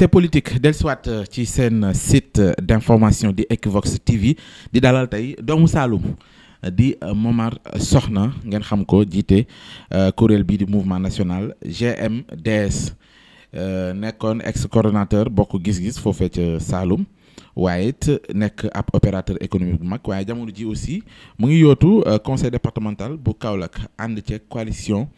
c'est politique dellusiwaat euh, ci seen euh, site euh, d'information di Equivox TV di dalal tey doomu saalum di Momar Soxna ngeen xam ko jiite kuréel bii di mouvement national gm GMDS nekkoon ex coordonnateur bokk gis-gis foofee ca saalum waaye it nekk ab opérateur économique bu mag waaye jamono ji aussi mu ngi yootu conseil départemental bu Kaolack ànd ce coalition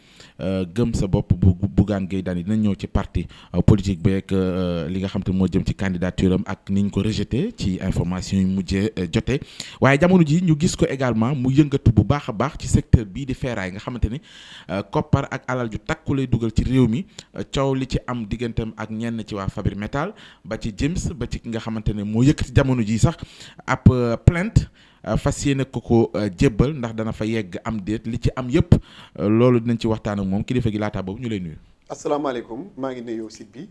Euh, gëm sa bopp bu Bougane Gueye Dany dinañ ñëw ci parti euh, politique bi ak euh, li nga xam te moo jëm ci candidature am ak niñ ko rejeté ci information yu mujjee jote waaye jamono ji ñu gis ko également mu yëngatu bu baax a baax ci secteur bii di ferraille nga xamante ni koppar ak alal ju takku dugal ci réew mi coow li ci am digganteem ak ñenn ci waa Fabri Metal ba ci James ba ci ki nga xamante ne moo yëkkati jamono ji sax ab plainte Euh, fas yéene ko ko euh, jébbal ndax dana fa yegg am déet li ci am yëpp euh, loolu dinañ ci waxtaan moom kilifa gi laataa boobu ñu lay nuyu. asalaamaaleykum maa ngi ne nuyu site bi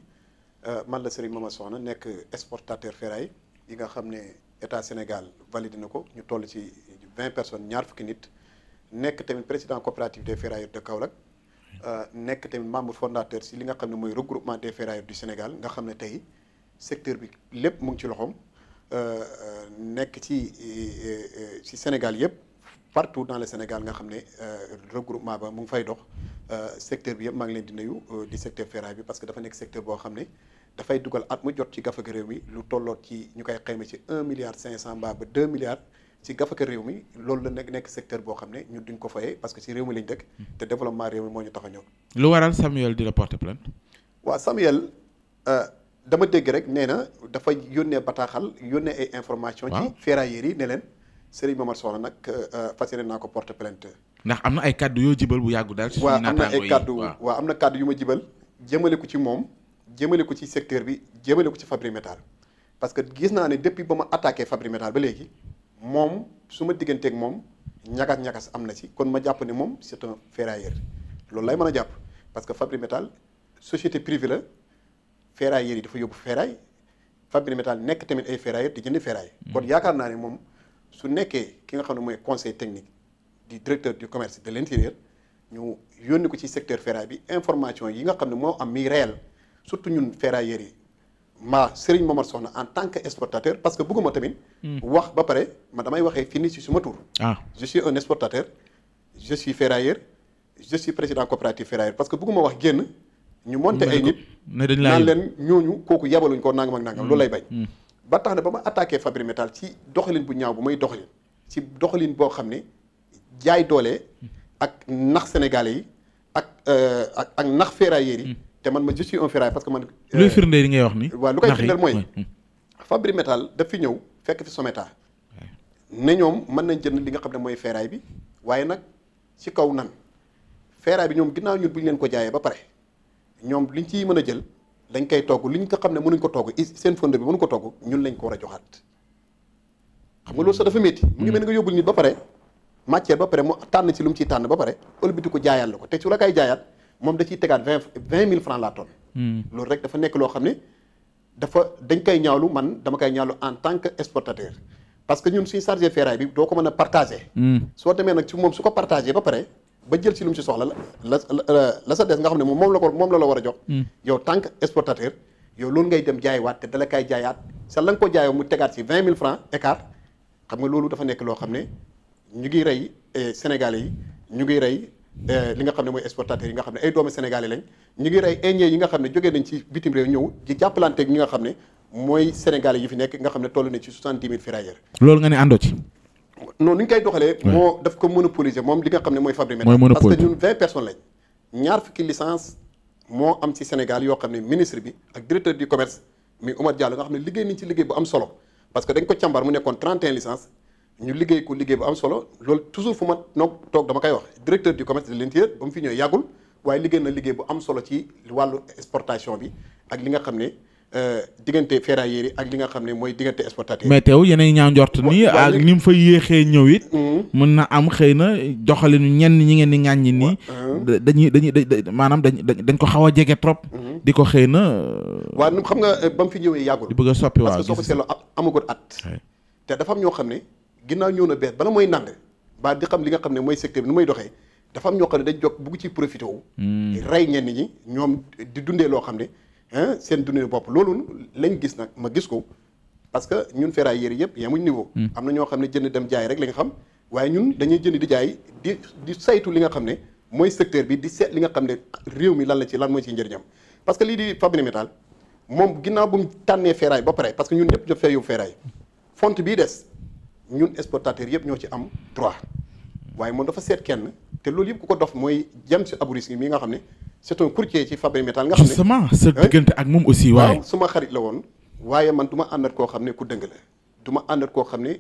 man la ma Mama Soxna nekk exportateur ferraille yi nga xam ne état Sénégal validé na ko ñu toll ci vingt personnes ñaar fukki nit nekk tamit président coopérative des ferrailleurs de Kaolack. nekk tamit membre fondateur si li nga xam ne mooy regroupement des ferrailleurs du Sénégal nga xam ne tey secteur bi lépp mu ci loxoom. Euh, euh, nekk ci euh, ci Sénégal yëpp partout dans le Sénégal nga xam ne regroupement ba mu ngi fay dox secteur bi yëpp maa leen di nuyu di secteur ferraille bi parce que dafa nekk secteur boo xam ne dafay dugal at mu jot ci gafaga réew mi lu tolloot ci ñu koy xayma ci un milliard cinq cent mbaa ba deux milliards ci gafaga réew mi loolu la nekk nekk secteur boo xam ne ñun duñ ko fayee parce que ci réew mi lañ dëkk te développement réew mi moo ñu tax a ñëw. lu waral Samuel di la porter plainte. waaw dama dégg rek nee na dafa yónnee bataaxal yónnee ay information ci ferrailleurs yi ne leen Serigne Momar Soxna nag euh, euh, fas yéene naa ko porte plainte ndax am na ay kàddu yoo jibal bu yàggu daal. ci waaw am na ay kàddu waa am na kàddu yu ma jibal jëmale ko ci moom jëmale ko ci secteur bi jëmale ko ci Fabri Métal parce que gis naa ne depuis ba ma attaqué Fabri Métal ba léegi moom su ma digganteeg moom ñagas-ñagas am na si kon ma jàpp ne moom c'est un ferrailleur loolu lay mën a jàpp parce que Fabri Métal société privée la ferrailleurs yi dafa yóbbu ferraille fabrique métal nekk tamit ay ferrailleurs di jënd ferraille. Hmm. kon yaakaar naa ne moom su nekkee ki nga xam ne mooy conseil technique du directeur du commerce de l'intérieur ñu yónni ko ci secteur ferraille bi information yi nga xam ne moo am mi réel surtout ñun ferrailleurs yi. ma Serigne Momar Soxna en tant que exportateur parce que bëgguma tamit. Hmm. wax ba pare ma damay waxee fini ci suma tur. ah je suis un exportateur je suis ferrailleur parce que bëgguma wax génn. ñu monte ay nit naan leen ñooñu kooku yabaluñ koo nangam ak nangam mm. loolu lay bañ mm. ba tax na ba ma attaqué Fabry Métal ci doxalin bu ñaaw bu may doxalin ci doxalin boo xam ne jaay doole mm. ak nax sénégalais yi ak euh, ak ak nax ferrailleurs yi te man ma je suis un parce que man euh, luy firndeel yi ngay wax ni waaw lu koy firndeel mooy Fabry Métal daf fi ñëw fekk fi Someta ne ñoom mën nañ jënd li nga xam ne mooy ferraille bi waaye nag ci kaw nan ferraille bi ñoom ginnaaw ñun bu ñu leen ko jaayee ba pare ñoom liñ ciy mën a jël dañ koy togg ñu ko xam ne mënuñ ko togg seen fonde bi mënu ko togg ñun lañ ko war a joxaat xam nga loolu sax dafa métti mu ngi mel ni nga yóbbul nit ba pare matière ba pare mu tànn ci lu mu ciy tànn ba pare ëlbiti ko jaayaat la ko te su la kay jaayaat moom da ciy tegaat vingt vingt mille francs la tonne hmm. loolu rek dafa nekk loo xam ne dafa dañ koy ñaawlu man dama koy ñaawlu en tant que exportateur parce que ñun suñu chargé ferraille bi doo ko mën a partagé hmm. soo demee nag ci moom su ko partagé ba pare ba jël ci lu mu ci soxla la la la sa des nga xam ne moom la ko moom la la war a jox. Hmm. yow tant que exportateur yow loolu ngay dem jaayiwaat te dala kay jaayaat sa la nga ko jaayoo mu tegaat ci vingt mille francs écart xam nga loolu dafa nekk loo xam ne ñu ngi rey eh, Sénégalais yi ñu ngi rey eh, nga xam ne mooy exportateurs yi xam ne ay doomu Sénégalais ñu ngi rey indien yi nga xam ne jógee nañ ci bitim réew ñëw di jàppalanteeg ñi nga xam ne mooy Sénégalais yi fi nekk nga xam ne toll na ci soixante-dix mille ferrailleurs. loolu nga ne àndoo ci. non ni ñu koy doxalee. moo daf ko monopoliser moom li nga xam ne mooy Fabri Meda. parce que ñun vingt personnes lañ ñaar fukki licence moo am ci Sénégal yoo xam ne ministre bi ak directeur du commerce mi Omar Diallo nga xam ne liggéey nañ ci liggéey bu am solo parce que dañ ko cambar mu nekkoon 31 licence ñu liggéey ko liggéey bu am solo loolu toujours fu ma noog toog dama koy wax directeur du commerce de l'intérieur ba mu fi ñëw yàggul waaye liggéey na liggéey bu am solo ci bi ak li nga xam ne Euh, diggante ferrailleurs yére ak li nga xam ne mooy diggante exportateur mais teew yeneen ñaa njort ni ak ni mu fa yéexee ñëw it mm. mën na am xëy na doxalinu ñenn ñi ngeen di ŋàññi nii ah. dañuy dañuy maanaam dañ dañ ko xaw a jege trop mm-hmm. di ko xëy na euh, waaw nu xam nga euh, ba mu fi ñëwee yàggul di bëgg a soppi waaw parce que soo ko seetloo amagul at te dafa ñoo xam ne ginnaaw ñëw na bees bala mooy nànd ba di xam li nga xam ne mooy secteur bi nu muy doxee dafa am ñoo xam ne dañ jog bugg ci profité wu mm. rey ñenn ñi ñoom di dundee loo xam ne seen dundinu bopp loolu lañ gis nag ma gis ko parce que ñun ferrailleurs yëpp yemuñ niveau. Hmm. am na ñoo xam ne jënd dem jaay rek la nga xam waaye ñun dañuy jënd di jaay di di saytu li nga xam ne mooy secteur bi di seet li nga xam ne réew mi lan la ci lan mooy ci njëriñam. parce que lii di Fabien Métal moom ginnaaw bu mu tànnee ferraille ba pare parce que ñun ñëpp daf fee yóbbu ferraille fonte bii des ñun exportateur yëpp ñoo ci am droit. waaye moom dafa seet kenn te loolu yëpp ku ko dof mooy jëm si Abou Risque mi nga xam ne c'est un courtier ci Fabri Metal nga xam ne justement sa diggante ak moom aussi waaw la woon waaye man du ma àndat koo xam ne ku dëng la du ma àndat koo xam ne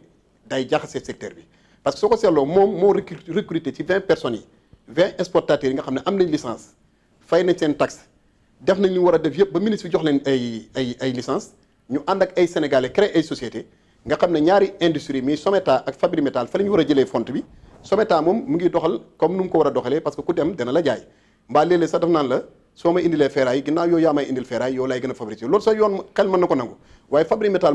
day jaxasee secteur bi parce que soo ko seetloo moom moo recruter ci vingt personnes yi vingt exportateurs yi nga xam ne am nañ licence fay nañ seen taxe def nañ li war a def yëpp ba ministre bi jox leen ay ay ay licence ñu ànd ak ay sénégalais créer ay société nga xam ne ñaari industrie mi Someta ak Fabri fa la ñu war a jëlee fonte bi Sométa moom mu ngi doxal comme nu mu ko war a doxalee parce que ku dem dana la jaay mbaa léeg-léeg sax daf naan la soo ma indilee ferraille ginnaaw yow yaa may indil ferraille yow laay gën a fabriqué loolu sax yoon xel mën na ko nangu waaye Fabri Métal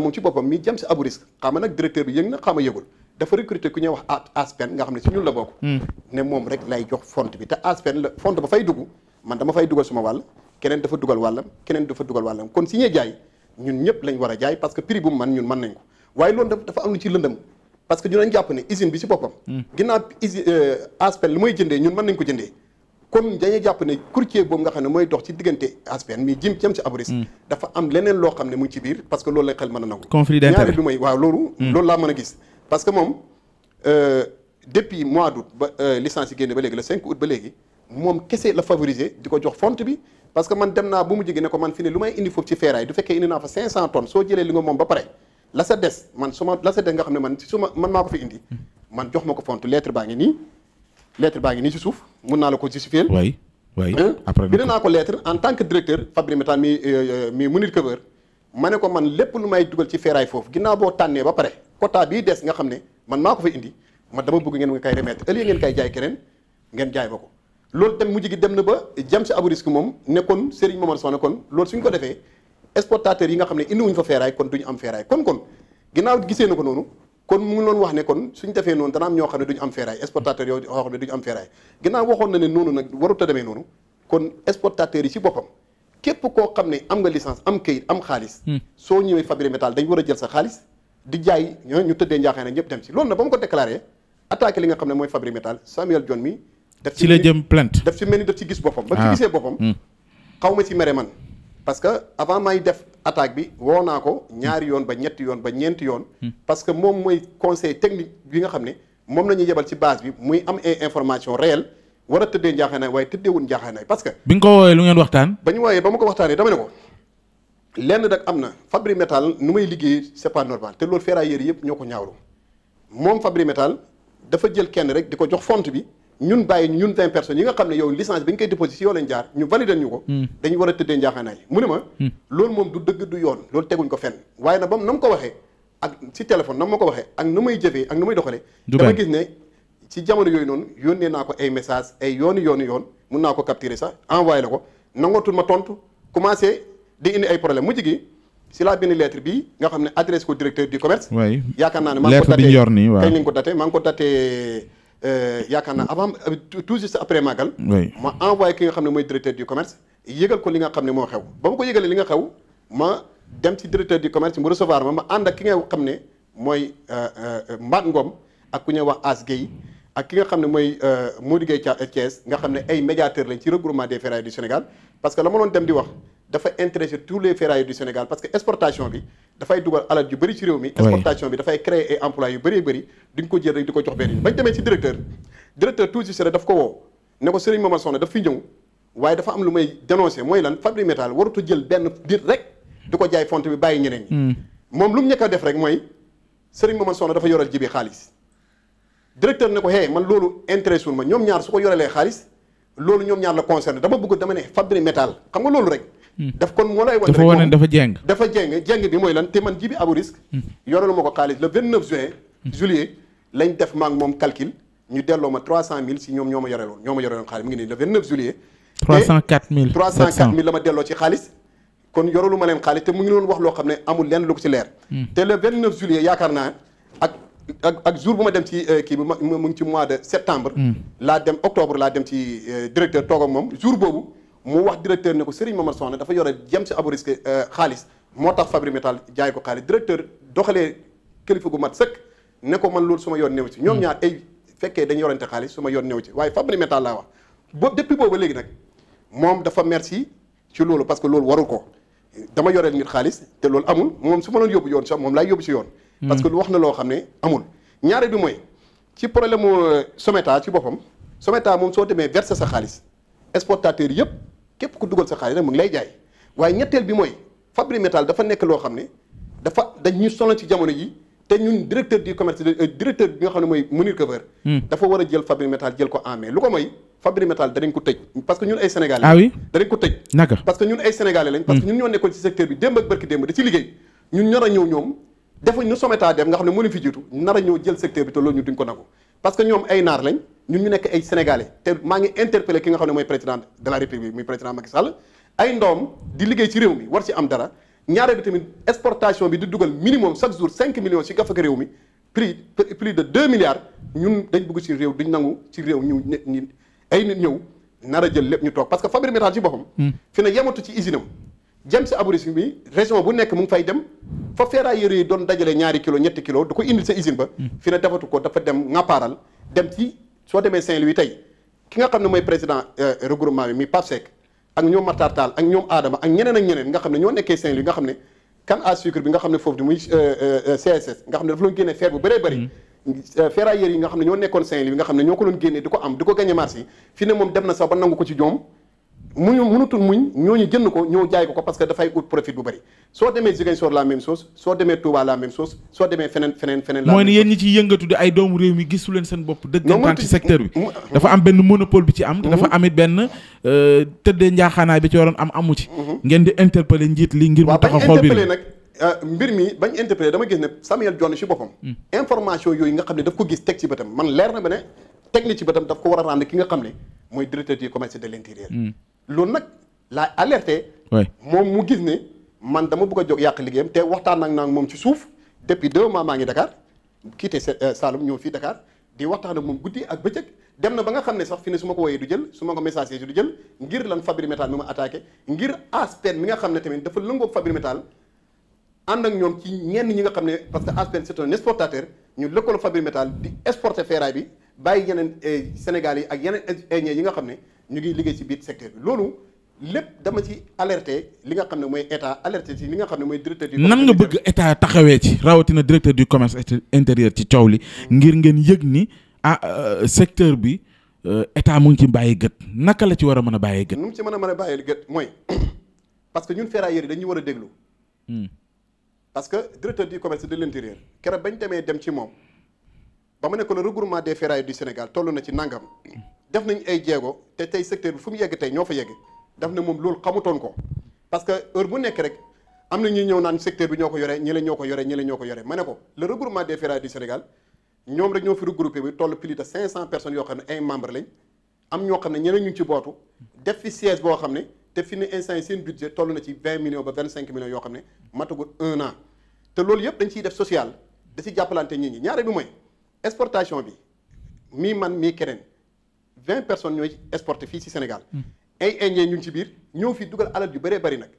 hmm. moom rek lay jox fonte bi te Aspen la ba fay dugg man dama fay dugal suma wàll keneen dafa dugal wàllam keneen dafa dugal wàllam kon si ñee jaay ñun ñëpp lañ war a jaay parce que prix bu mu parce que ñu dañ jàpp ne usine bi ci boppam. Hmm. ginnaaw usine euh, ASPEN lu may jëndee ñun mën nañ ko jëndee. comme dañuy jàpp ne courtier boobu nga xam ne mooy dox ci diggante ASPEN mi jëm jëm ci Aboris. Hmm. dafa am leneen loo xam ne mu ngi ci biir parce que loolu la xel mën a nangu. ñaari lu may waaw loolu. Hmm. loolu laa mën a gis parce que moom euh, depuis mois d' ba euh, licence yi génne ba léegi le 5 août ba léegi moom kese la favoriser di ko jox fonte bi. parce que man dem naa bu mu jege ne ko man fi ne lu may indi foofu ci ferraille du fekkee indi la sa des man su ma la sa des nga xam ne man su ma man maa ko fi indi man jox ma ko font lettre baa ngi nii lettre baa ngi nii si suuf mun naa la ko justifier oui oui après bind naa ko lettre en tant que directeur Fabri Métal mi euh, euh, mi Mounir Kébër ma ne ko man lépp lu may dugal ci feeraay foofu ginnaaw boo tànnee ba pare quota bii des nga xam ne man maa ko fa indi ma dama bëgg ngeen nga koy remettre ëllëg ngeen koy jaay keneen ngeen jaay ma ko loolu tam mu gi dem na ba jam si abourisque moom nekkoon Serigne Momar Sow ne kon loolu suñ ko defee exportateurs yi nga xam ne indiwuñ fa feeraay kon duñu am feeraay kon kon ginnaaw gisee na ko noonu kon mu ngi wax ne kon su ñu defee noonu dana am ñoo xam ne duñu am feeraay exportateurs yoo xam ne am feeraay ginnaaw waxoon na ne noonu nag warut a demee noonu kon exportateurs yi ci boppam képp koo xam ne am nga licence am kayit am xaalis hmm. soo ñëwee fabriquer métal dañ war a jël sa xaalis di jaay ñu tëddee njaaxaay nag ñëpp dem si loolu nag ba mu ko déclaré attaqué li nga xam ne mooy fabriquer métal Samuel John mi daf ci la jëm plainte daf ci mel ni daf ci gis boppam ba ci ah. gisee hmm. xaw ma si mere man parce que avant may def attaque bi woo naa ko ñaari yoon ba ñetti yoon ba ñeenti yoon. Hmm. parce que moom mooy conseil technique bi nga xam ne moom la ñuy yebal ci base bi muy am ay information réelle war a tëddee njaaxaanaay waaye tëddeewul njaaxaanaay parce que. bi nga ko wooyee lu ngeen waxtaan. ba ñu wooyee ba ma ko waxtaanee dama ne ko lenn rek am na Fabri Metal nu may liggéey c'est pas normal te loolu ferrailleurs yëpp ñoo ko ñaawlu moom Fabri Metal dafa jël kenn rek di ko jox fonte bi. ñun bàyyi ñun vingt personnes yi nga xam ne yow licence bi ñu koy déposé si yow lañ jaar ñu validé ñu ko hmm. dañu war a tëddee njaaxaanaay ne ma hmm. loolu moom du dëgg du yoon loolu teguñ ko fenn waaye na bam na ko waxee ak si téléphone na ma ko waxee ak na may jëfee ak na may doxalee dama gis ne si jamono yooyu noonu yónnee naa ko ay message ay yooni yooni yoon mun naa ko capturer sax envoyé ko nangootul ma tontu commencé di indi ay problème mujj gi si laa bind bi nga xam ne adresse ko directeur du commerce yaakaar naa ne maa ngi ko daté kañ lañ ko daté maa ngi ko daté Euh, yaakaar naa avant euh, tout juste après Magal. ma envoyé ki nga xam ne mooy directeur du commerce yëgal ko li nga xam ne moo xew ba ma ko yëgalee li nga xew ma dem ci directeur du commerce mu recevoir ma ma ànd ak ki nga xam ne mooy euh, Mbaat Ngom ak ku ñuy wax ass Guèye ak ki nga xam ne mooy Modou Guèye Thiès nga xam ne ay médiateur lañ ci regroupement des ferrailles du Sénégal parce que la ma doon dem di wax. dafa intéresser tous les ferrailleurs du Sénégal parce que exportation bi dafay dugal alal yu bëri ci réew mi exportation bi dafay créer ay emploi yu bëree bëri di nga ko jël rek di ko jox benn bañ demee ci directeur directeur tout juste daf ko woo ne ko Serigne Momar Sokhna daf fi ñëw waaye dafa am lu may dénoncé mooy lan Fabri Métal warut a jël benn dit rek di ko jaay fonte bi bàyyi ñeneen ñi hmm. moom lu mu ñëkk def rek mooy Serigne Momar Sokhna dafa yoral jibi xaalis directeur ne ko hey man loolu intéressé wul ma ñoom ñaar su ko yoralee xaalis loolu ñoom ñaar la concerné dama bëgg dama ne xam nga loolu rek Hmm. daf kon moo lay wan dafa wane dafa jeng dafa jeng jeng bi mooy lan te man ji bi abu risque hmm. yoralu ma ko xaalis le 29 juin hmm. juillet lañ def maak moom calcul ñu delloo ma 300000 si ñoom ñoo ma yoreloon ñoo ma yoreloon xaalis ngi nii le ma delloo ci xaalis kon yoralu ma leen xaalis te mu ngi doon wax loo xam ne amul lenn lu ko ci leer te le juillet yaakaar naa ak jour bu ma dem ci euh, kii bi mu ngi ci mois de septembre laa dem octobre laa dem ci euh, directeur toog ak moom jour boobu mu wax directeur ne ko Serigne Momar Soxna dafa yore jëm si abu risque euh, xaalis moo tax Fabri Metal jaay ko xaalis directeur doxalee kilifa gu mat sëkk ne ko man loolu su ma yoon néew ci ñoom hmm. ñaar ay fekkee dañ yorante xaalis su ma yoon néew ci waaye Fabri Metal laa wax ba depuis booba léegi nag moom dafa merci ci loolu parce que loolu waru ko dama yoreel nit xaalis te loolu amul moom su ma doon yóbbu yoon sax moom laay yóbbu si yoon hmm. parce que lu wax na loo xam ne amul ñaare bi mooy ci problème mu euh, Someta ci boppam Someta moom soo demee verser sa xaalis exportateur yëpp képp ku dugal sa xaalis nag mu ngi lay jaay waaye ñetteel bi mooy Fabri Metal dafa nekk loo xam ne dafa dañuy sonal ci jamono ji te ñun directeur du commerce euh, directeur bi nga xam ne mooy Mounir Cover hmm. dafa war a jël Fabri Metal jël ko en main lu ko mooy Fabri Metal danañ ko tëj parce que ñun ay sénégalais ah oui danañ ko tëj naka parce que ñun ay sénégalais lañ parce que hmm. ñun ñoo nekkoon ci secteur bi démb ak barki démb da ci liggéey ñun ñor a ñëw ñoom defuñ nu someta def nga xam ne mënu fi jiitu nar a ñëw jël secteur bi te loolu ñu duñ ko nangu parce que ñoom ay naar lañ ñun ñu nekk ay sénégalais te maa ngi interpellé ki nga xam ne mooy président de la république muy président Macky Sall ay ndoom di liggéey ci réew mi war ci am dara ñaareel bi tamit exportation bi di dugal minimum chaque jour cinq millions ci gafaka réew mi prix plus de 2 milliards ñun dañ bëgg ci réew duñ nangu ci réew ñu ñi ay nit ñëw nara jël lépp ñu toog parce que Fabri Métal ci boppam. Hmm. fi ne yematu ci usine am. jëm si bi région bu nekk mu ngi fay dem fa ferrailleur yi doon dajale ñaari kilo ñetti kilo du ko indil sa usine ba. Hmm. fi ne defatu ko dafa dem ŋàppaaral dem ci. soo demee Saint-Louis tey ki nga xam ne mooy président euh, regroupement bi mi Pape Seck ak ñoom Matar Tall ak ñoom Adama ak ñeneen ak ñeneen nga xam ne ñoo nekkee Saint-Louis nga xam ne canne à sucre bi nga xam ne foofu di muy euh, euh, CSS nga xam ne dafa loon génnee fer bu bëree bëri mm. ferrailleurs yi nga xam ne ñoo nekkoon Saint-Louis nga xam ne ñoo ko loon génnee di ko am di ko gagné marché fi ne moom dem na sax ba nangu ko ci ñoom muñu mënutul muñ ñooñu jënd ko ñëw jaay ko ko parce que dafay ut profit bu bëri soo demee Ziguinchor la même chose soo demee Touba la même chose soo demee feneen feneen feneen la mooy ne yéen ñi ci yëngatu di ay doomu réew mi gisu leen seen bopp dëggantaan ci secteur bi dafa am benn monopole bi ci am te mhm. dafa amit benn euh, tëddee njaaxaanaay bi ci waroon am amu ci mhm. ngeen di interpeller njiit li ngir mu taxaw xool bi nag euh, mbir mi bañ interpeller dama gis ne Samuel Dione ci boppam mm. information yooyu nga xam ne daf ko gis teg ci bëtam man leer na ba ne teg na ci bëtam daf ko war a rendre ki nga xam ne mooy directeur du commerce de l'intérieur mm. loolu nag laa alerte moom mu gis ni man dama bugg a jóg yàq liggéeyam te waxtaan ak naa moom ci suuf depuis deux mois maa ngi Dakar quitté euh, Saloum ñëw fii Dakar di waxtaan ak moom guddi ak bëccëg dem na ba nga xam ne sax fi ne su ma ko woyee du jël su ma ko message yi du jël ngir lan Fabri Métal mi ma attaqué ngir Aspen mi nga xam ne tamit dafa lëngoog Fabri Métal ànd ak ñoom ci ñenn ñi nga xam ne parce que Aspen c'est un exportateur ñu lëkkaloo Fabri Métal di exporter ferraille bàyyi yeneen euh, Sénégal yi ak yeneen euh, ñee yi nga xam ne ñu ngi liggéey ci biir secteur bi loolu lépp dama ci alerte li nga xam ne mooy état alerte ci li nga xam ne mooy directeur du nan nga bëgg état taxawee ci rawatina directeur du commerce intérieur ci coow li ngir ngeen yëg ni ah euh, secteur bi euh, état mu ngi ci bàyyi gët naka la ci war a mën a bàyyi gët. nu mu ci mën a mën a bàyyi gët mooy parce que ñun ferrailleurs yi dañuy war a déglu. Hmm. parce que directeur di commerce de l'intérieur keroog bañ demee dem ci moom. ba ma ne ko le regroupement des ferrailles du Sénégal toll na ci nangam def nañ ay jéego te tey secteur bi fu mu yegg tey ñoo fa yegg daf na moom loolu xamutoon ko parce que heure bu nekk rek am na ñuy ñëw naan secteur bi ñoo ko yore ñi la ñoo ko yore ñi la ñoo ko yore ma ne ko le regroupement des ferrailles du Sénégal ñoom rek ñoo fi regroupé bi toll plus de 500 personnes yoo xam ne ay membres lañ am ñoo xam ne ñeneen ñu ci bootu def fi siège boo xam ne te fi ne instant yi seen toll na ci 20 millions ba 25 millions yoo xam ne matagul an te loolu yëpp dañ ciy def social da jàppalante nit ñi ñaare bi mooy exportation bi mii man mii keneen vingt personnes ñooy exporté fii ci Sénégal. Hmm. ay Indien ñu ngi ci biir ñëw fii dugal alal yu bëree bëri nag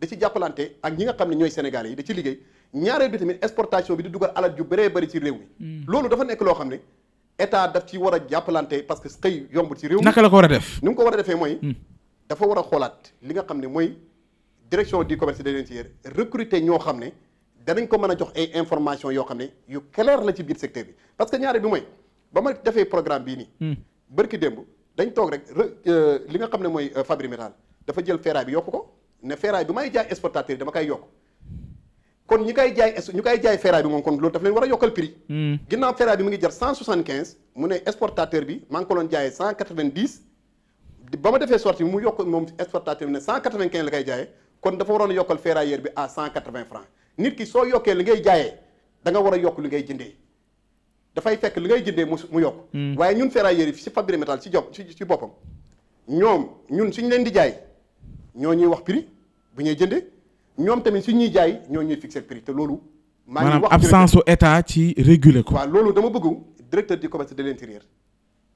da ci jàppalante ak ñi nga xam ne ñooy sénégalais yi da ci liggéey ñaareel bi tamit exportation bi di dugal alal yu baree bari ci réew mi. Hmm. loolu dafa nekk loo xam ne état daf ci war a jàppalante parce que xëy yomb ci réew mi. naka la ko war a def ni mu ko war a defee mooy. Hmm. dafa war a xoolaat li nga xam ne mooy direction du commerce de l'intérieur recruter ñoo xam ne. danañ ko mën a jox ay information yoo xam ne yu clair la ci biir secteur bi parce que ñaare bi mooy ba ma defee programme bii nii hmm. bërki démb dañ toog rek euh, li nga xam ne mooy euh, Fabri Métal dafa jël ferraille bi yokk ko ne ferraille bi may jaay exportateur yi koy yokk kon ñi koy jaay ñu koy moom kon loolu daf leen war a yokkal prix hmm. ginnaaw ferraille bi mu ngi jar cent soixante mu ne exportateur bi maa ko doon jaayee cent quatre vingt dix ba ma defee sortie bi mu yokk moom exportateur bi ne la koy jaayee kon dafa waroon a yokkal ferrailleur bi à cent quatre nit ki soo yokkee li ngay jaayee danga war a yokk li ngay jëndee dafay fekk li ngay jëndee mu mu yokk hmm. waaye ñun ferrailleurs yi si Fabri Metal si job si si boppam ñoom ñun suñu leen di jaay ñoo ñuy wax prix bu ñuy jëndee ñoom tamit su ñuy jaay ñoo ñuy fixer prix te loolu maa ngi wax absence su état ci réguler ko waaw loolu dama bëgg directeur di commerce de l'intérieur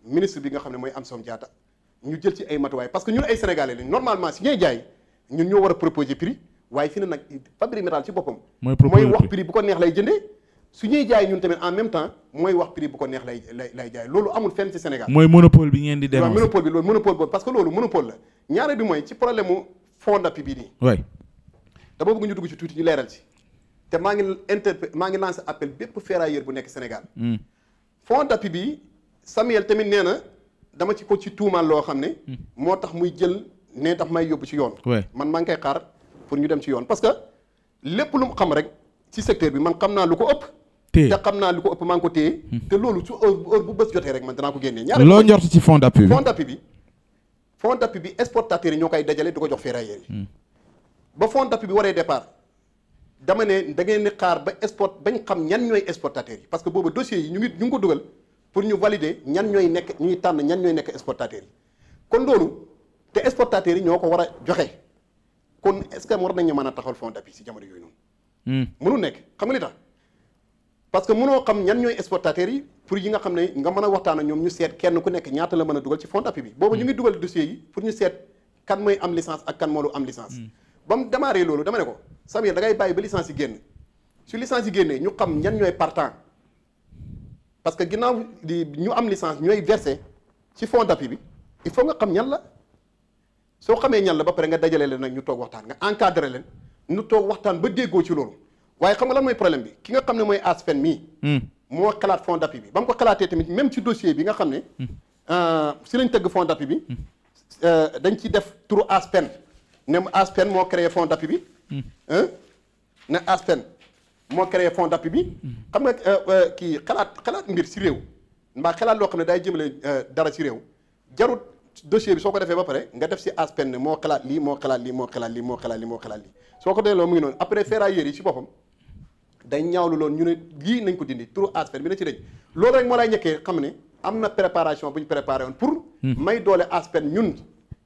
ministre bi nga xam ne mooy am Amsom jaata ñu jël ci ay matuwaay parce que ñun ay sénégalais lañ normalement si ñuy jaay ñun ñoo war a proposer prix waaye fi ne nag Fabry Métal ci boppam mooy wax prix bu ko neex lay jëndee su ñuy jaay ñun tamit en même temps mooy wax pri bu ko neex lay lay lay jaay loolu amul fenn ci Sénégal mooy monopole bi ngeen di dénoncer monopole bi loolu monopole boobu parce que loolu monopole la ñaare bi mooy ci problème mu fond d'appui bii nii waay dama bëgg ñu dugg ci tuuti ñu leeral ci te maa ngi interpe maa ngi lancé appel bépp ferrailleur bu nekk Sénégal hmm. fond d'appui bi Samuel tamit nee na dama ci ko ci tuumaal loo xam ne hmm. moo tax muy jël ne tax may yóbbu ci yoon man maa ngi koy xaar pour ñu dem ci yoon parce que lépp lu mu xam rek ci secteur bi man xam naa lu ko ëpp. te xam naa lu ko ëpp maa ko téye. Hmm. te loolu su heure bu bés jotee rek man danaa ko génnee. ñaareel loo njort ci fond d'appui bi fond d'appui bi. fond d'appui bi exportateur yi ñoo koy dajale di ko jox ferrailleurs yi. Hmm. ba fond d'appui bi waree départ dama ne da ngeen di xaar ba export bañ xam ñan ñooy exportateurs parce que boobu dossiers yi ñu ngi ñu ngi ko dugal pour ñu valider ñan ñooy nekk ñuy tànn ñan ñooy nekk exportateurs yi kon loolu te exportateurs yi ñoo ko war a joxe. kon est-ce que nañ nañu mën a taxawal fond d'appui si jamono yooyu noonu. Hmm. mënu nekk xam nga li tax parce que mënoo xam ñan ñooy exportateurs yi pour yi nga xam ne nga mën a waxtaan ak ñoom ñu seet kenn ku nekk ñaata la mën a dugal ci fond d'appui bi. boobu ñu ngi dugal dossier yi pour ñu seet kan mooy am licence ak kan moo lu am licence. Hmm. ba mu démarré loolu dama ne ko Samir da ngay bàyyi ba licence yi génn su licence yi génnee ñu xam ñan ñooy partant parce que ginnaaw di ñu am licence ñooy versé ci fond d'appui bi il faut nga xam ñan la. soo xamee ñan la ba pare nga dajale leen nag ñu toog waxtaan nga encadré leen ñu toog waxtaan ba déggoo ci loolu waaye xam nga lan mooy problème bi ki nga xam ne mooy ASFEN mii. Hmm. moo xalaat fond d'appui bi ba mu ko xalaatee tamit même ci dossier nga xam ne. Hmm. Euh, si lañ tëgg fond d'appui hmm. euh, dañ ci def turu ASFEN ne ASFEN moo créé fond d'appui bi. ne moo créé fond d'appui bi. xam nga euh, kii xalaat xalaat mbir si réew. mbaa xalaat loo xam ne day jëmale dara ci réew jarut. dossier bi soo ko defee ba pare nga def si aspen moo xalaat lii moo xalaat lii moo xalaat lii moo xalaat lii moo xalaat lii soo ko delloo mu ngi noonu après ferrailleurs yi si boppam day ñaawlu loon ñu ne lii nañ ko dindi turu aspen bi na ci rëj loolu rek moo lay ñekkee xam ne am na préparation bu ñu préparé woon pour hmm. may doole aspen ñun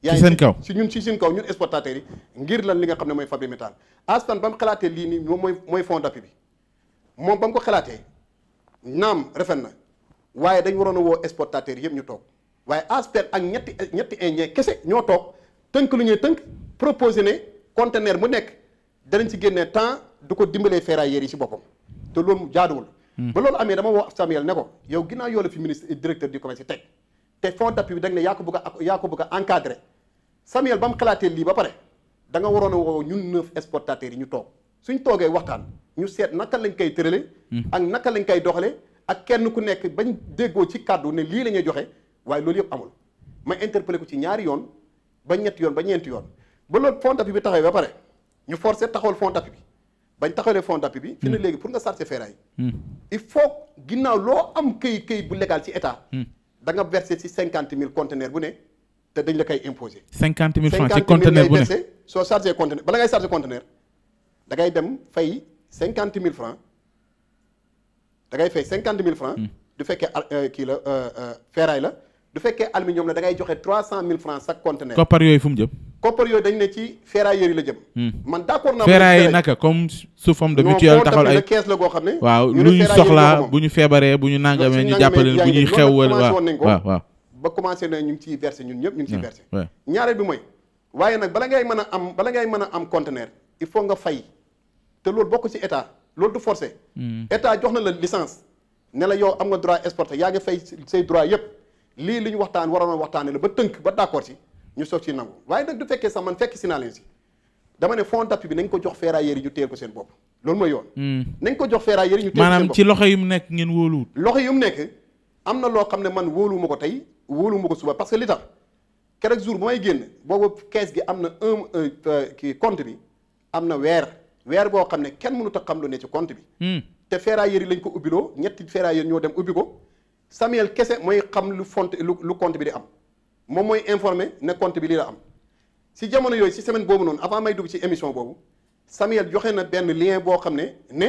yaa seen kaw si ñun si seen kaw ñun exportateurs yi ngir lan li nga xam ne mooy Fabri Métal aspen ba mu xalaatee lii nii moom mooy mooy fond d'appui bi moom ba mu ko xalaatee naam rafet na waaye dañ waroon woo exportateurs yëpp ñu toog waaye ASPER ak ñetti ñetti indien kese ñoo toog tënk lu ñuy tënk proposé ne conteneur mu nekk danañ ci génne temps du ko dimbalee ferrailleurs yi ci boppam te loolu jaaduwul. Hmm. ba loolu amee dama woo Samuel ne ko yow ginnaaw yoo la fi ministre directeur du commerce teg te fonds d'appui bi da nga ne yaa ko bëgg a yaa ko bëgg a Samuel ba mu xalaatee lii ba pare danga waroon a woo ñun neuf exportateurs yi ñu toog suñ toogee waxtaan ñu seet naka lañ koy tëralee. Hmm. ak naka lañ koy doxalee ak kenn ku nekk bañ déggoo ci kàddu ne lii la ñuy waaye loolu yëpp amul ma interpellé ko ci ñaari yoon ba ñetti yoon ba ñeenti yoon ba loolu fond d'appui bi taxawee ba pare ñu forcé taxawal fond d'appui bi bañ taxawalee fond d'appui bi. fi na hmm. léegi pour nga charger ferraille. Hmm. il faut ginnaaw loo am këyit këyit bu légal ci état. Hmm. da nga versé ci cinquante mille conteneur bu ne te dañ la koy imposé. cinquante mille francs ci conteneur bu soo chargé conteneur bala ngay chargé conteneur dangay dem fay cinquante mille francs dangay ngay fay cinquante mille francs du fekkee euh, kii la euh, euh, ferraille la. du fekkee aluminium la da ngay joxe trois cent mille francs chaque conteneur. koppar yooyu fu mu jëm. koppar yooyu dañ ne ci ferrailleur yi la jëm. Hmm. man d' accord naa. ferrailleur yi naka comme sous forme de mutuelle taxawal ay xam ne. waaw lu ñu soxlaa bu ñu feebaree bu ñu nangamee ñu jàppale bu ñuy xew wala waaw waaw ba commencé na ñu ngi ciy versé ñun ñëpp ñu ngi ciy versé. ñaareel bi mooy waaye nag bala ngay mën a am bala ngay mën a am conteneur il faut nga fay te loolu bokk ci état loolu du forcé hmm. état jox na la licence ne la yow am nga droit exporté yaa ngi fay say droit yëpp lii li ñu waxtaan waroon waxtaanee la ba tënk ba d'accord si ñu soog si nangu waaye nag du fekkee sax man fekk si naa leen si dama ne fond d'appui bi nañ ko jox ferrailleurs yi ñu téel ko seen bopp loolu mooy yoon. Hmm. nañ ko jox ferrailleurs yi ñu téel ko seen bopp maanaam ci loxo yu mu nekk ngeen wóoluwul. loxo yu mu nekk am na loo xam ne man wóoluwuma ko tey wóoluwuma ko suba parce que li tax keroog jour bu may génn boobu kees gi am na un euh, euh, kii compte bi am na weer weer boo xam ne kenn mënu a xam lu ne ci compte bi. Hmm. te ferrailleurs yi lañ ko ubbiloo ñetti ferrailleurs ñoo dem ubbi ko Samuel kese mooy xam lu font lu compte bi di am moom mooy informé ne compte bi lii la am si jamono yooyu si semaine boobu noonu avant may dugg ci émission boobu Samuel joxe na benn lien boo xam ne ne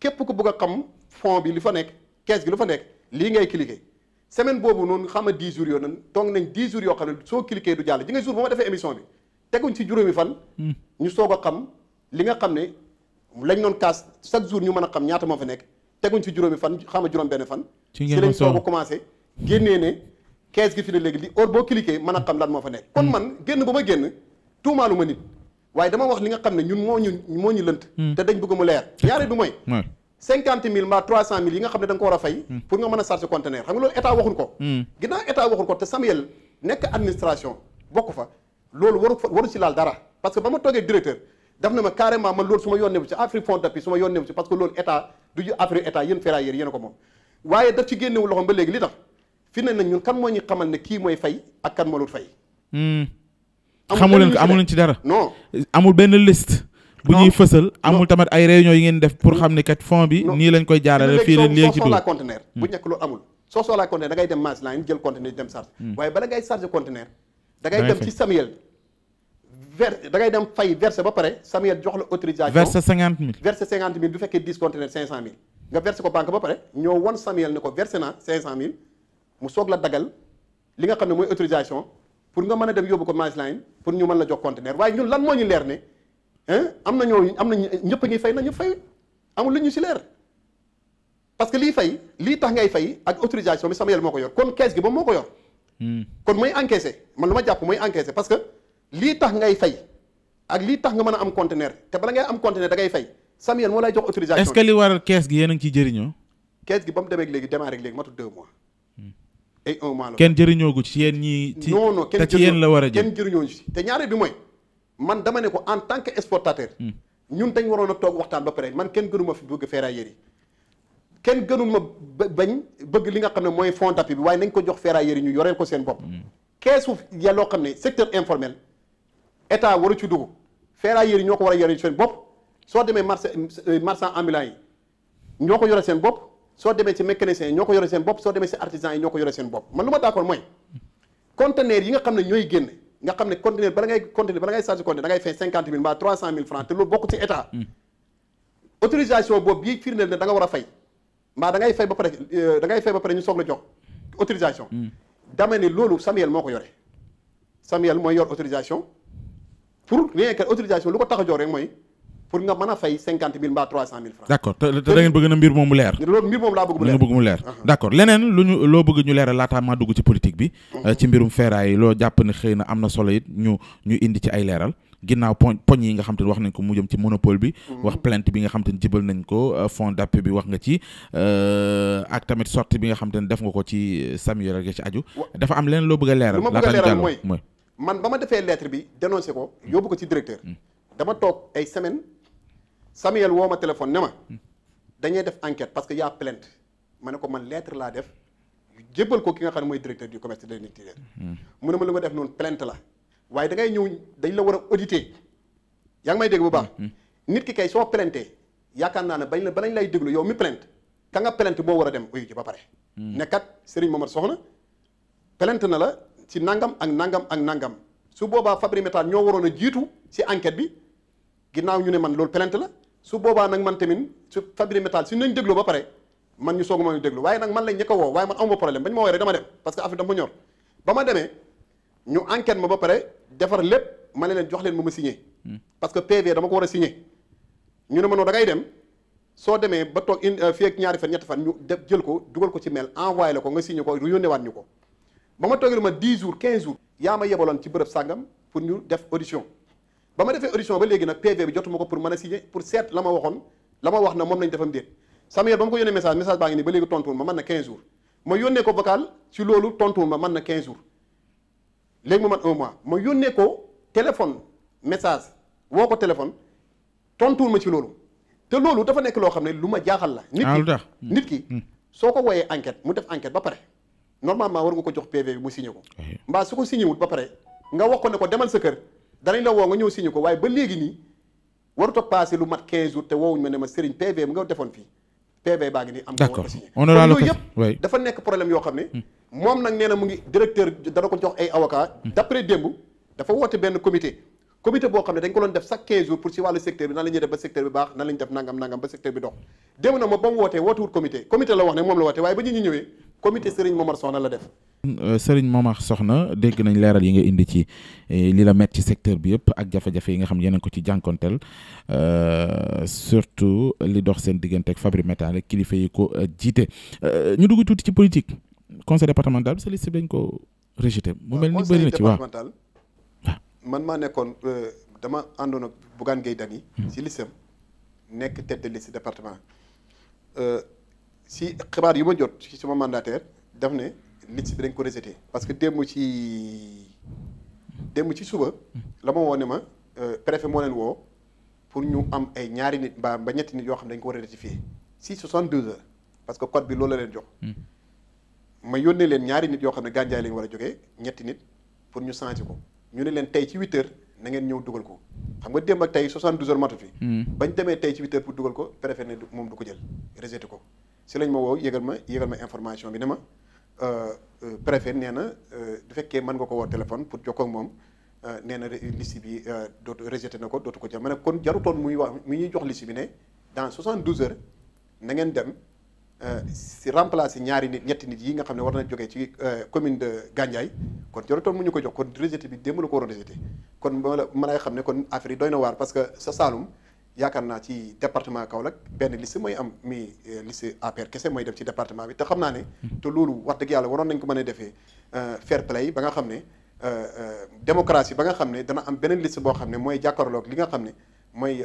képp ku bugg a xam fond bi lu fa nekk kees gi lu fa nekk lii ngay cliquer semaine boobu noonu xam nga 10 jours yoo toog nañ 10 jours yoo xam ne soo cliquer du jàll ji nga jour ba ma defee émission bi teguñ si juróomi fan. Hmm. ñu soog a xam li nga xam ne lañ doon kaas chaque jour ñu mën a xam ñaata moo fa nekk. teguñ fi juróomi fan xama juróom benn fan ci lañ soog a commencé génnee ne kees gi fi ne léegi li or boo cliqué mën a xam lan moo fa nekk kon hmm. man génn ba ma génn tuumaalu ma nit waaye dama wax li nga xam ne ñun moo ñu moo ñu lënt hmm. te dañ bëgg mu leer ñaareel bi mooy cinquante mille mbaa trois cent mille yi nga xam ne da ko war a fay hmm. pour nga mën a charger conteneur xam nga loolu état waxul ko ginnaaw état waxul ko te Samuel nekk administration bokk du affaire état yéen ferrailleurs yéen a ko moom waaye daf ci génnewu loxoom ba léegi li tax fi ne nag ñun kan moo ñu xamal ne kii mooy fay ak kan moo lu fay. Hmm. xamu leen ko amu leen ci dara. non amul benn list bu ñuy fësal amul tamit ay réunion yi ngeen def pour xam ne kat fond bi. nii lañ koy jaarale fii leen léegi ci dugub conteneur bu njëkk hmm. loolu amul soo soxlaa conteneur ngay dem Mangeland jël conteneur dem hmm. charge. waaye bala ngay charger conteneur da ngay dem ci Samuel verse da ngay dem fay verse ba pare Samuel jox la autorisation. verse cinquante mille verse cinquante mille bu fekkee discompté na cinq cent mille nga verse ko banque ba pare ñoo won Samuel cinq cent mu soog la dagal li nga xam ne mooy autorisation pour nga mën a dem yóbbu ko Mangeline pour ñu mën la jox conteneur waaye ñu lan moo ñu leer ne am na ñoo am na ñëpp a ngi fay na ñu fay amul lu ñu si leer parce que lii fay lii tax ngay fay ak autorisation bi Samuel moo ko yor kon kees gi moom moo ko yor. Hmm. kon mooy encaissé man lu ma jàpp mooy encaissé parce que. lii tax ngay fay ak lii tax nga mën a am conteneur te bala ngay am conteneur da ngay fay Samuel moo lay jox autorisation. est-ce que li waral kees gi yéen a ngi ciy jëriñoo. kees gi mois. Hmm. kenn jëriñoo gu ci yéen ñii. ci non non kenn ci yéen la war a jël jëriñoo ci te ñaareel bi mooy man dama ne ko en tant que exportateur. Hmm. ñun dañ waroon a toog waxtaan ba pare man kenn gënuma fi bëgg ferrailleurs yi kenn gënul ma bañ bëgg li nga xam ne mooy fond d'appui bi waaye nañ ko jox ferrailleurs yi ñu yoreel ko seen bopp. Hmm. keesu ya loo xam ne secteur informel état waru ci dugg ferrailleurs yi ñoo ko war a yore seen bopp soo demee marché euh, marchand ambulant yi ñoo ko yore seen bopp soo demee ci mécanicien yi ñoo ko yore seen bopp soo demee ci artisan yi ñoo ko yore seen bopp man lu ma d'accord mooy conteneur yi nga xam ne ñooy génn nga xam ne conteneur bala ngay conteneur bala ngay charge conteneur da ngay fay cinquante mille mbaa trois cent mille francs te loolu bokk ci état hmm. autorisation boobu bii firndeel ne da nga war a fay mbaa da ngay fay ba pare euh, da ngay fay ba pare ñu soog la hmm. dama ne loolu Samuel moo ko yore Samuel mooy yor autorisation pour rien que autorisation lu ko a jox nga mën a fay cinquante mille mbaa trois cent mille francs. d' accord te da ngeen bëgg na mbir moom mu leer. loolu mbir moom laa bëgg mu leer bëgg mu leer. Uh-huh. d' accord leneen loo bëgg ñu leeral laataa maa dugg ci politique bi. Uh-huh. Uh, ci mbirum ferraille loo jàpp xëy na am na solo it ñu ñu indi ci ay leeral. ginnaaw poñ poñ yi nga xam te ne wax nañ ko mu jëm ci monopole bi. Uh-huh. wax plainte bi nga xam te ne jibal nañ ko uh, fond d' appui bi wax nga ci uh, ak tamit sortie bi nga xam te ne def nga ko ci Samuel ak ci aju. dafa am leneen loo bëgg a leeral. laataa ñu jàll man ba ma defee lettre bi dénoncé ko yóbbu ko ci directeur mm. dama toog ay semaine Samuel woo ma téléphone ne ma mm. dañuy def enquête parce que y a ma ne ko man lettre laa def jëbal ko ki nga xam ne mooy directeur du commerce de l'intérieur mm. mu ne ma li ma def noonu plainte la waaye da ngay ñëw dañ la war a auditer yaa ngi may dégg bu baax nit ki kay soo plainte yaakaar naa ne bañ la balañ lay déglu yow mi plainte ka nga plainte moo war a dem uyu ba pare nekkat Serigne Momar Soxna plainte na la ci nangam ak nangam ak nangam su boobaa Fabry Metta ñoo waroon a jiitu ci enquête bi ginnaaw ñu ne man loolu plainte la su boobaa nag man tamit su Fabry Metta si nañ dégloo ba pare man ñu soog ma ñu waaye nag man lañ ñëkk woo waaye man amuma problème bañ ma woowee rek dama dem parce que affaire dama ñor ba ma demee ñu enquête ma ba pare defar lépp ma ne leen jox leen ma ma signé. Hmm. parce que PV dama ko war a signé ñu ne ma noonu ngay dem. soo demee ba toog in euh, fii ak ñaari fan ñetti fan ñu def jël ko dugal ko ci mail envoyé la ko nga signé ko yónnee waat ñu ko ba ma toogee ma 10 jours quinze jours yaa ma yebaloon ci bërëb sàngam pour ñu def audition ba ma defee audition ba léegi nag PV bi jotuma ko pour mën a signer pour seet la ma waxoon la ma wax na moom lañ defam déet Samuel ba ma ko yónnee message message baa ngi nii ba léegi tontuwul ma mën na 15 jours ma yónnee ko vocal ci loolu tontuwul ma man na 15 jours léegi mu man un mois ma yónnee ko téléphone message woo ko téléphone tontuwul ci loolu te loolu dafa nekk loo xam ne lu ma jaaxal la. nit ki ah, nit ki hmm. Hmm. soo ko enquête mu def enquête ba pare. normalement war nga ko jox PV bi mu signé ko mbaa su ko signé wut ba pare nga wax ko ne ko demal sa kër danañ la woo nga ñëw signé ko waaye ba léegi nii warut a passé lu mat 15 jours te woowuñu ma ne ma Serigne PV mu nga defoon fii PV baa yoo xam ne moom nag nee na mu ngi directeur dana ko la wax ne waaye ba ñu ñëwee comité Serigne Momar Soxna la def. Euh, Serigne Momar Soxna dégg nañ leeral yi nga indi ci eh, li la met ci secteur bi yëpp ak jafe-jafe yi nga xam yeneen ko ci jànkonteel euh, surtout li dox seen diggante ak Fabri Métal ak kilifa yi ko euh, jiite ñu dugg tuuti ci politique conseil départemental bi sa liste bi dañ ko rejeté. mu mel ni bëri na ci waaw conseil départemental man maa nekkoon dama àndoon ak Bougane Gueye Dany. Hmm. ci listam nekk tête de liste département. si xibaar yu ma jot ci sama mandataire daf ne liste bi dañ ko rejeté parce que démb ci démb ci suba la ma woo ne ma euh, préfet moo leen woo pour ñu am ay ñaari nit mbaa ba ñetti nit yoo xam ne dañ ko war a ratifié si 72 heures parce la leen jox. Hmm. ma yónnee leen ñaari yoo xam ne gànjaay lañ war a jógee ñetti nit pour ñu changé ko ñu ne leen tey ci 8 heures na ngeen ñëw dugal ko xam nga démb ak tey 72 heures matu fi. Hmm. bañ demee tey ci 8 pour dugal ko préfet ne moom du ko jël rejeté ko. si lañ ma woow yégal ma yëgal ma information bi ne ma euh, euh, préfet nee na euh, du fekkee mën nga ko woo téléphone pour jokkoo ak moom nee na liste bi dootu rejeté na ko dootu ko jël ma ne kon jarutoon muy wax mu ñuy jox liste bi ne dans 72 heures na ngeen dem si remplacer ñaari nit ñetti nit yi nga xam ne war na jógee ci commune de Gandiaye kon jarutoon mu ñu ko jox kon rejeté bi démb la ko war a kon ma la a xam ne kon affaire dooy na waar parce que sa Saalum yaakaar naa ci département Kaolack benn liste mooy am mi eh, liste APR kese mooy dem ci département bi te xam naa ne. Hmm. te loolu wax dëgg yàlla waroon nañ ko mën a defee eh, fair play ba nga xam ne eh, ba nga xam ne dana am beneen liste boo xam ne mooy jàkkaarloog li nga xam ne mooy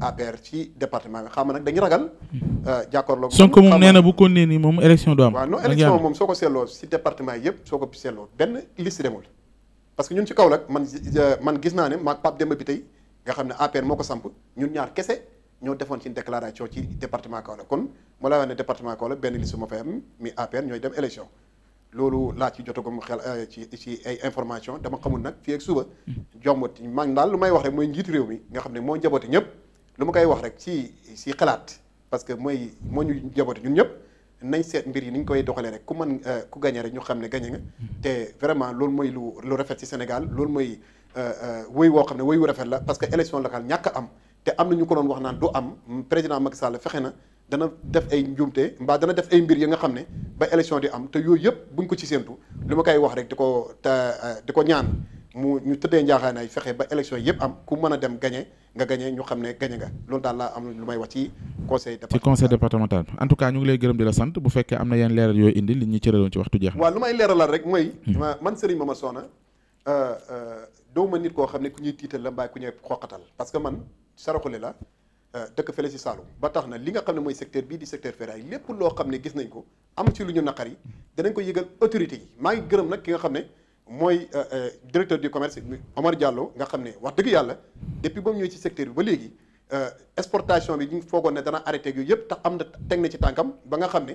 APR ci département bi xam nag dañu ragal. Hmm. jàkkaarloog Sonko moom nee nii moom élection du am. waaw non élection moom soo ko seetloo si département yëpp soo ko seetloo benn liste demul parce que ñun ci Kaolack man man gis naa ne maag Pape Demba bi tey. nga xam ne APR moo ko samp ñun ñaar kese ñoo defoon ci déclaration ci département Kaolack kon moo laa wax ne département la benn liste moo fay am mi APR ñooy dem élection loolu laa ci jotagum xel euh, ci ci ay information dama xamul nag fii ak suba hmm. jombati man daal lu may wax rek mooy njiitu réew mi nga xam ne moo njaboote ñëpp lu ma koy wax rek ci si xalaat parce que mooy moo ñu njaboote ñun ñëpp nañ seet mbir yi ni ñu koy doxalee rek ku man euh, ku gagné rek ñu xam ne gagné nga hmm. te vraiment loolu mooy lu lu rafet ci Sénégal loolu mooy Euh, euh, wéy woo xam ne wéy wu rafet la parce que élection locale ñàkk am te am na ñu ko doon wax naan du am président Macky Sall fexe na dana def ay njuumte mbaa dana def ay mbir yi nga xam ne ba élection di am te yooyu yëpp buñ ko ci séentu li ma koy wax rek di ko te euh, ko ñaan mu ñu tëddee njaaxaanaay fexe ba élection yëpp am ku mën a dem gagné nga gagné ñu xam ne gagné nga loolu daal laa am lu may wax ci conseil départemental ci conseil ñu ngi lay gërëm di la sant bu fekkee am na yenn leeral yooyu indi li ñu cëraloon ci waxtu jeex waaw lu may leeralal doo ma nit koo xam ne ku ñuy tiital la mbaa ku ñuy xoqatal parce que man saraxule la euh, dëkk fele si Saalum ba tax na li nga xam ne mooy secteur bii di secteur ferraille lépp loo xam ne gis nañ ko am ci lu ñu naqari danañ ko yëgal autorité yi maa ngi gërëm nag ki nga xam ne mooy euh, euh, directeur du commerce Omar Diallo nga xam ne wax dëgg yàlla depuis ba mu ñëwee ci secteur bi ba léegi exportation bi ñu foogoon ne dana arrêté ak yooyu yëpp tax am na teg na ci tànkam ba nga xam ne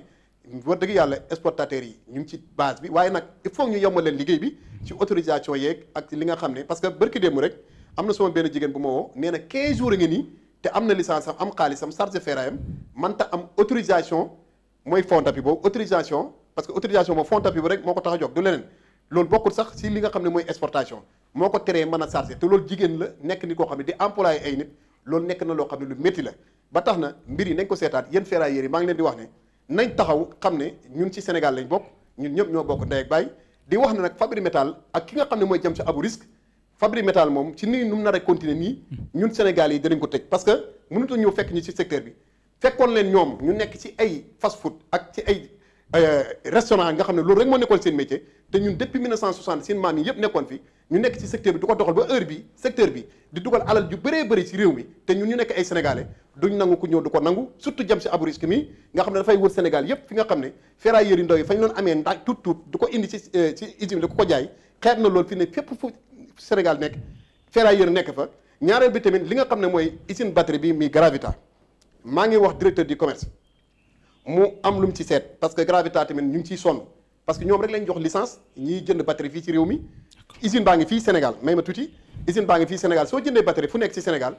wax dëgg yàlla exportateurs yi ñu ngi ci base bi waaye nag i faut ñu leen liggéey bi ci autorisation yeeg ak li nga xam ne parce que dem démb rek am na sama benn jigéen bu ma woo nee na 15 jours a ngi nii te am na licence am am xaalisam chargé ferraayam manta am autorisation mooy fond d'appui boobu autorisation parce que autorisation moom fond d'appui bi rek moo ko tax a jóg du leneen loolu bokkul sax si li nga xam ne mooy exportation moo ko teree mën a chargé te jigéen la nekk nit koo xam ne di employé ay nit loolu nekk na loo xam ne lu métti la ba tax na mbir yi nañ ko seetaat yéen ferrailleurs yi maa ngi leen di ne nañ taxaw xam ne ñun ci Sénégal lañ bokk ñun ñëpp ñoo bokk ndey ak baay di wax ne nag Fabrimetal ak ki nga xam ne mooy jëm si abu risque Fabrimetal moom ci nii nu mu nar a continuer nii ñun Sénégal yi danañ ko teg parce que mënut ñëw fekk ñi ci secteur bi fekkoon leen ñoom ñu nekk ci ay fast food ak ci ay Euh, restaurant nga xam ne loolu rek moo nekkoon seen métier te ñun depuis 1960 seen maam yi yëpp nekkoon fi ñu nekk ci secteur bi di ko doxal ba heure bi secteur bi di dugal alal ju bëree bëri ci réew mi te ñun ñu nekk ay sénégalais duñ nangu ku ñëw du ko nangu surtout jëm si abu risque mi nga xam ne dafay wër Sénégal yëpp fi nga xam ne ferrailleurs yu ndaw yi fañ doon amee ndaaj tuut tuut du ko indi ci euh, ci usine di ko ko jaay xeet na loolu fi ne fépp fu Sénégal nekk ferrailleurs nekk fa ñaareel bi tamit li nga xam ne mooy usine batterie bi mi Gravita maa ngi wax directeur du commerce mu am lu mu ci seet parce que Gravita tamit ñu ngi ciy sonn parce que ñoom rek lañ jox licence ñiy jënd batterie fii ci réew mi usine baa ngi fii Sénégal may ma tuuti usine baa ngi fii Sénégal soo jëndee batterie fu nekk ci Sénégal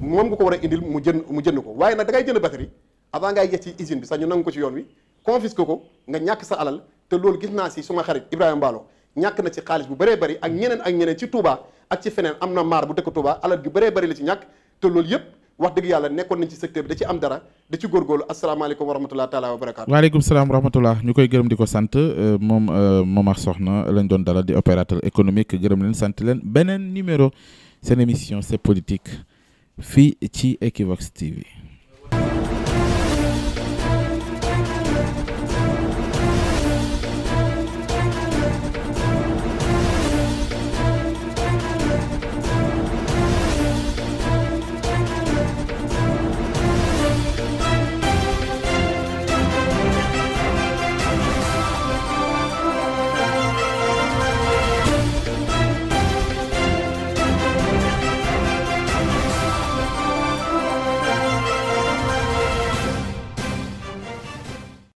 moom nga ko war a indil mu jënd mu jënd ko waaye nag da ngay jënd batterie avant ngay yegg ci usine bi sax ñu nangu ko ci yoon wi confisque ko nga ñàkk sa alal te lool gis naa si suma xarit Ibrahima Mballo ñàkk na ci xaalis bu bëree bëri ak ñeneen ak ci Touba ak ci feneen am na bu dëkk Touba alal bu bëree bëri la ci ñàkk te loolu yëpp wax dëgg yàlla nekkoon nañ ci secteur da ci am dara di ci góorgóorlu asalaamaaleykum wa rahmatulah taalaa wa barakaatu. waaleykum salaam wa rahmatulah ñu koy gërëm di ko sant euh, moom moom euh, Momar soxna lañ doon dalal di opérateur économique gërëm leen sant leen beneen numéro seen émission c'est politique fii ci Equivox TV.